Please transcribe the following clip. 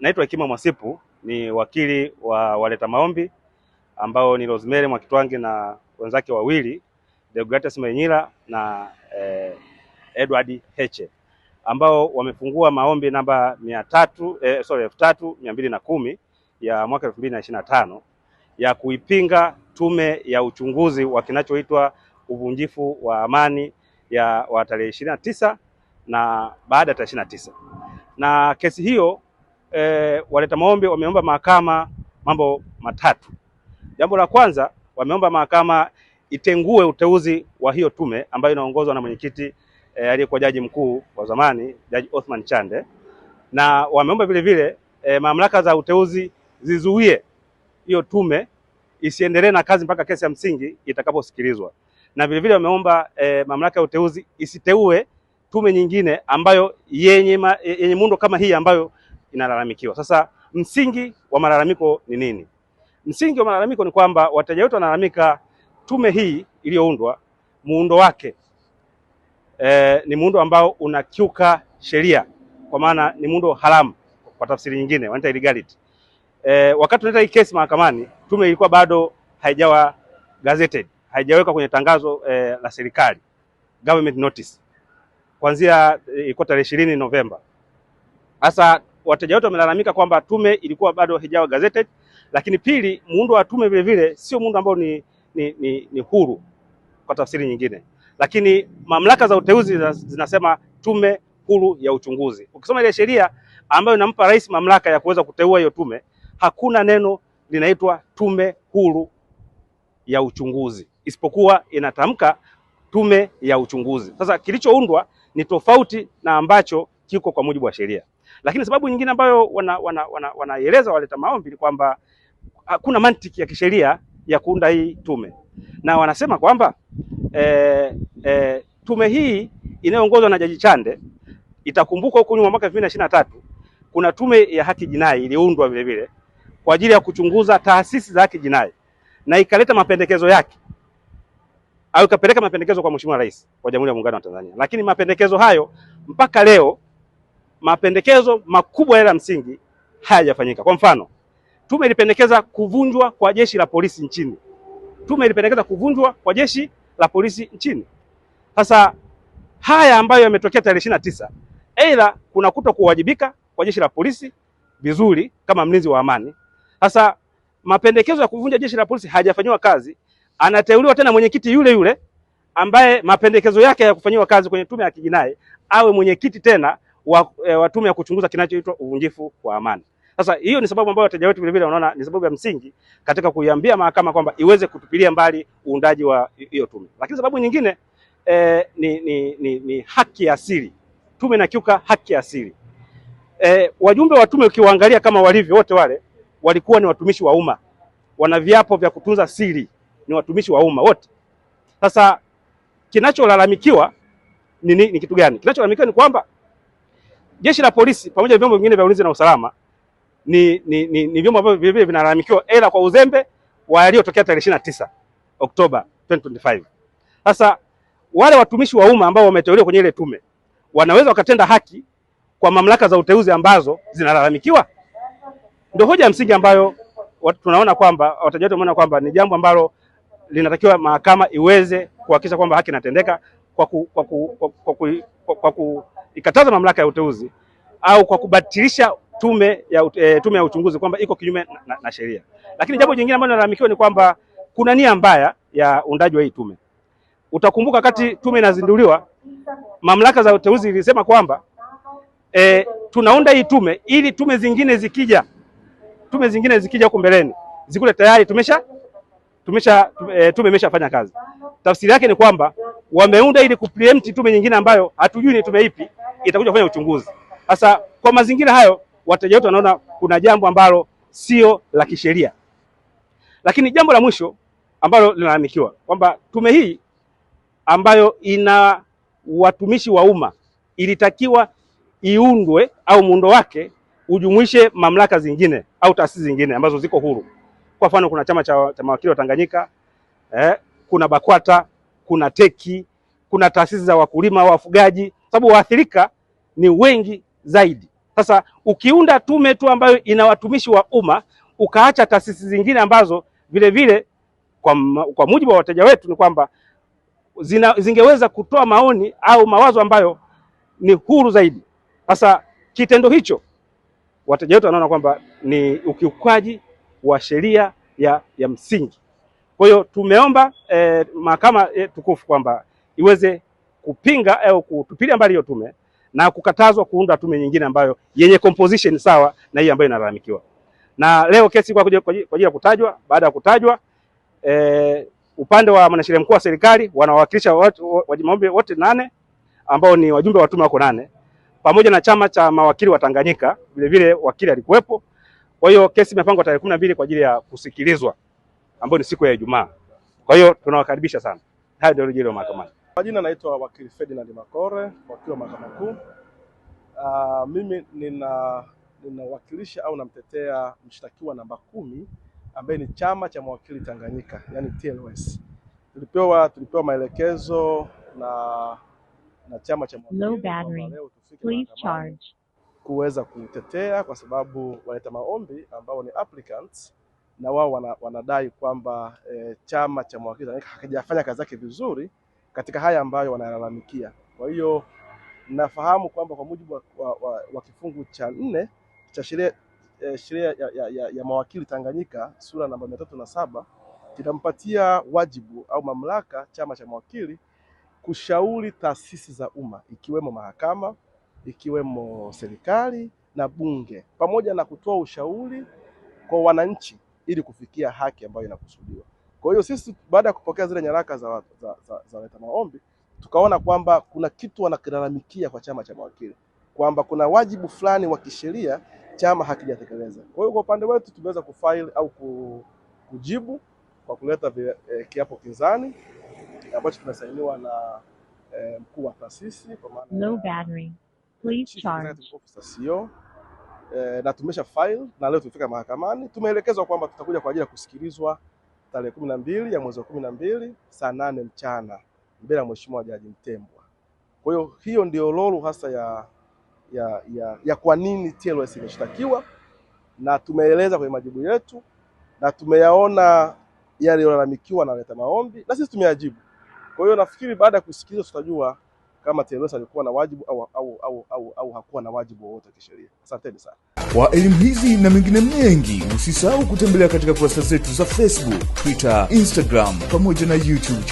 Naitwa Hekima Mwasipu, ni wakili wa waleta maombi ambao ni Rosemary Mwakitwange na wenzake wawili Deogratias Mayinyila na eh, Edward Heche ambao wamefungua maombi namba mia tatu eh, sorry elfu tatu mia mbili na kumi ya mwaka elfu mbili na ishirini na tano ya kuipinga tume ya uchunguzi wa kinachoitwa uvunjifu wa amani ya wa tarehe ishirini na tisa na baada ya tarehe ishirini na tisa na kesi hiyo e, waleta maombi wameomba mahakama mambo matatu. Jambo la kwanza wameomba mahakama itengue uteuzi wa hiyo tume ambayo inaongozwa na mwenyekiti e, aliyekuwa jaji mkuu wa zamani Jaji Othman Chande, na wameomba vile vile e, mamlaka za uteuzi zizuie hiyo tume isiendelee na kazi mpaka kesi ya msingi itakaposikilizwa, na vile vile wameomba e, mamlaka ya uteuzi isiteue tume nyingine ambayo yenye, ma, yenye muundo kama hii ambayo inalalamikiwa. Sasa msingi wa malalamiko ni nini? Msingi wa malalamiko ni kwamba wateja wetu wanalalamika tume hii iliyoundwa, muundo wake e, ni muundo ambao unakiuka sheria, kwa maana ni muundo haramu, kwa tafsiri nyingine wanaita illegality. E, wakati tunaleta hii kesi mahakamani, tume ilikuwa bado haijawa gazetted, haijawekwa kwenye tangazo e, la serikali government notice, kuanzia e, ilikuwa tarehe ishirini Novemba. Sasa wateja wote wamelalamika kwamba tume ilikuwa bado haijawa gazeted, lakini pili, muundo wa tume vile vile sio muundo ambao ni, ni, ni, ni huru kwa tafsiri nyingine, lakini mamlaka za uteuzi zinasema tume huru ya uchunguzi. Ukisoma ile sheria ambayo inampa rais mamlaka ya kuweza kuteua hiyo tume, hakuna neno linaitwa tume huru ya uchunguzi, isipokuwa inatamka tume ya uchunguzi. Sasa kilichoundwa ni tofauti na ambacho kiko kwa mujibu wa sheria. Lakini sababu nyingine ambayo wanaieleza wana, wana, wana waleta maombi ni kwamba hakuna mantiki ya kisheria ya kuunda hii tume, na wanasema kwamba e, e, tume hii inayoongozwa na Jaji Chande itakumbukwa huko nyuma mwaka elfu tatu kuna tume ya haki jinai iliundwa vile vile kwa ajili ya kuchunguza taasisi za haki jinai na ikaleta mapendekezo yake au ikapeleka mapendekezo kwa Mheshimiwa Rais wa Jamhuri ya Muungano wa Tanzania, lakini mapendekezo hayo mpaka leo mapendekezo makubwa yale ya msingi hayajafanyika. Kwa mfano, tume ilipendekeza kuvunjwa kwa jeshi la polisi nchini. Tume ilipendekeza kuvunjwa kwa jeshi la polisi nchini. Sasa haya ambayo yametokea tarehe ishirini na tisa, aidha kuna kuto kuwajibika kwa jeshi la polisi vizuri kama mlinzi wa amani. Sasa mapendekezo ya kuvunja jeshi la polisi hayajafanyiwa kazi, anateuliwa tena mwenyekiti yule yule ambaye mapendekezo yake ya kufanyiwa kazi kwenye tume ya kijinai awe mwenyekiti tena wa, e, wa tume ya kuchunguza kinachoitwa uvunjifu wa amani. Sasa hiyo ni sababu ambayo wateja wetu vile vile wanaona ni sababu ya msingi katika kuiambia mahakama kwamba iweze kutupilia mbali uundaji wa hiyo tume. Lakini sababu nyingine e, ni, ni, ni, ni haki ya asili. Tume inakiuka haki ya asili. E, wajumbe wa tume ukiwaangalia kama walivyo wote wale walikuwa ni watumishi wa umma, wana viapo vya kutunza siri, ni watumishi wa umma wote. Sasa kinacholalamikiwa ni, ni, ni kitu gani? Kinacholalamikiwa ni kwamba Jeshi la polisi pamoja na vyombo vingine vya ulinzi na usalama ni, ni, ni, ni vyombo ambavyo vilevile vinalalamikiwa ela kwa uzembe wa yaliyotokea tarehe ishirini na tisa Oktoba 2025. Sasa wale watumishi wa umma ambao wameteuliwa kwenye ile tume wanaweza wakatenda haki kwa mamlaka za uteuzi ambazo zinalalamikiwa? Ndio hoja ya msingi ambayo tunaona kwamba wateja wetu wameona kwamba ni jambo ambalo linatakiwa mahakama iweze kuhakikisha kwamba haki inatendeka kwa ku, kwa ku, kwa ku, kwa ku, kwa ku ikataza mamlaka ya uteuzi au kwa kubatilisha tume ya, e, tume ya uchunguzi kwamba iko kinyume na, na, na sheria. Lakini jambo jingine ambalo nalalamikiwa ni kwamba kuna nia mbaya ya uundaji wa hii tume. Utakumbuka wakati tume inazinduliwa, mamlaka za uteuzi ilisema kwamba e, tunaunda hii tume ili tume zingine zikija tume zingine zikija huko mbeleni zikule tayari tumesha tumesha tume, eh, e, tume imeshafanya kazi. Tafsiri yake ni kwamba wameunda ili kupreempt tume nyingine ambayo hatujui ni tume ipi itakuja kufanya uchunguzi. Sasa kwa mazingira hayo, wateja wetu wanaona kuna jambo ambalo sio la kisheria. Lakini jambo la mwisho ambalo linalalamikiwa kwamba tume hii ambayo ina watumishi wa umma ilitakiwa iundwe au muundo wake ujumuishe mamlaka zingine au taasisi zingine ambazo ziko huru. Kwa mfano, kuna chama cha, cha mawakili wa Tanganyika eh, kuna BAKWATA, kuna teki, kuna taasisi za wakulima wafugaji sababu waathirika ni wengi zaidi. Sasa ukiunda tume tu ambayo ina watumishi wa umma ukaacha taasisi zingine ambazo vile vile kwa, kwa mujibu wa wateja wetu ni kwamba zina, zingeweza kutoa maoni au mawazo ambayo ni huru zaidi. Sasa kitendo hicho wateja wetu wanaona kwamba ni ukiukwaji wa sheria ya, ya msingi. Kwa hiyo tumeomba eh, mahakama eh, tukufu kwamba iweze kupinga au eh, kutupilia mbali hiyo tume na kukatazwa kuunda tume nyingine ambayo yenye composition sawa na hii ambayo inalalamikiwa. Na leo kesi kwa ajili ya kutajwa, baada ya kutajwa e, upande wa mwanasheria mkuu wa serikali wanawakilisha wajumbe wote nane ambao ni wajumbe wa tume wako nane pamoja na chama cha mawakili wa Tanganyika vile vile wakili alikuwepo. Kwa hiyo kesi imepangwa tarehe kumi na mbili kwa ajili ya kusikilizwa ambayo ni siku ya Ijumaa. Kwa hiyo tunawakaribisha sana. Hayo ndio jambo mahakamani. Majina naitwa wakili Ferdinand Makore, wakili wa mahakama kuu. Uh, mimi nina ninawakilisha au namtetea mshtakiwa namba kumi ambaye ni chama cha mawakili Tanganyika, yani TLS. Tulipewa tulipewa maelekezo na na chama cha mawakili kuweza kutetea kwa sababu waleta maombi ambao ni applicants na wao wanadai kwamba eh, chama cha mawakili Tanganyika hakijafanya kazi yake vizuri katika haya ambayo wanalalamikia. Kwa hiyo nafahamu kwamba kwa mujibu wa, wa, wa, wa kifungu cha nne cha sheria eh, ya, ya, ya mawakili Tanganyika sura namba mia tatu na saba kinampatia wajibu au mamlaka chama cha mawakili kushauri taasisi za umma ikiwemo mahakama, ikiwemo serikali na bunge, pamoja na kutoa ushauri kwa wananchi ili kufikia haki ambayo inakusudiwa. Kwa hiyo sisi baada ya kupokea zile nyaraka za watu, za, za, za waleta maombi tukaona kwamba kuna kitu wanakilalamikia kwa chama cha mawakili kwamba kuna wajibu fulani wa kisheria chama hakijatekeleza. Kwa hiyo kwa upande wetu tumeweza kufaili au kujibu kwa kuleta e, kiapo kinzani ambacho tumesainiwa na e, mkuu wa taasisi kwa maana low battery please charge CEO e, eh, na tumesha file na leo tumefika mahakamani, tumeelekezwa kwamba tutakuja kwa ajili ya kusikilizwa tarehe kumi na mbili ya mwezi wa kumi na mbili saa nane mchana mbele ya Mheshimiwa Jaji Mtembwa. Kwa hiyo hiyo ndio lolu hasa ya, ya, ya, ya kwa nini TLS imeshtakiwa na tumeeleza kwenye majibu yetu na tumeyaona yaliyolalamikiwa na leta maombi na sisi tumeyajibu. Kwa hiyo nafikiri baada ya kusikiliza tutajua kama TLS alikuwa na wajibu au, au, au, au, au hakuwa na wajibu wowote kisheria. Asanteni sana. Kwa elimu hizi na mengine mengi, usisahau kutembelea katika kurasa zetu za Facebook, Twitter, Instagram pamoja na YouTube.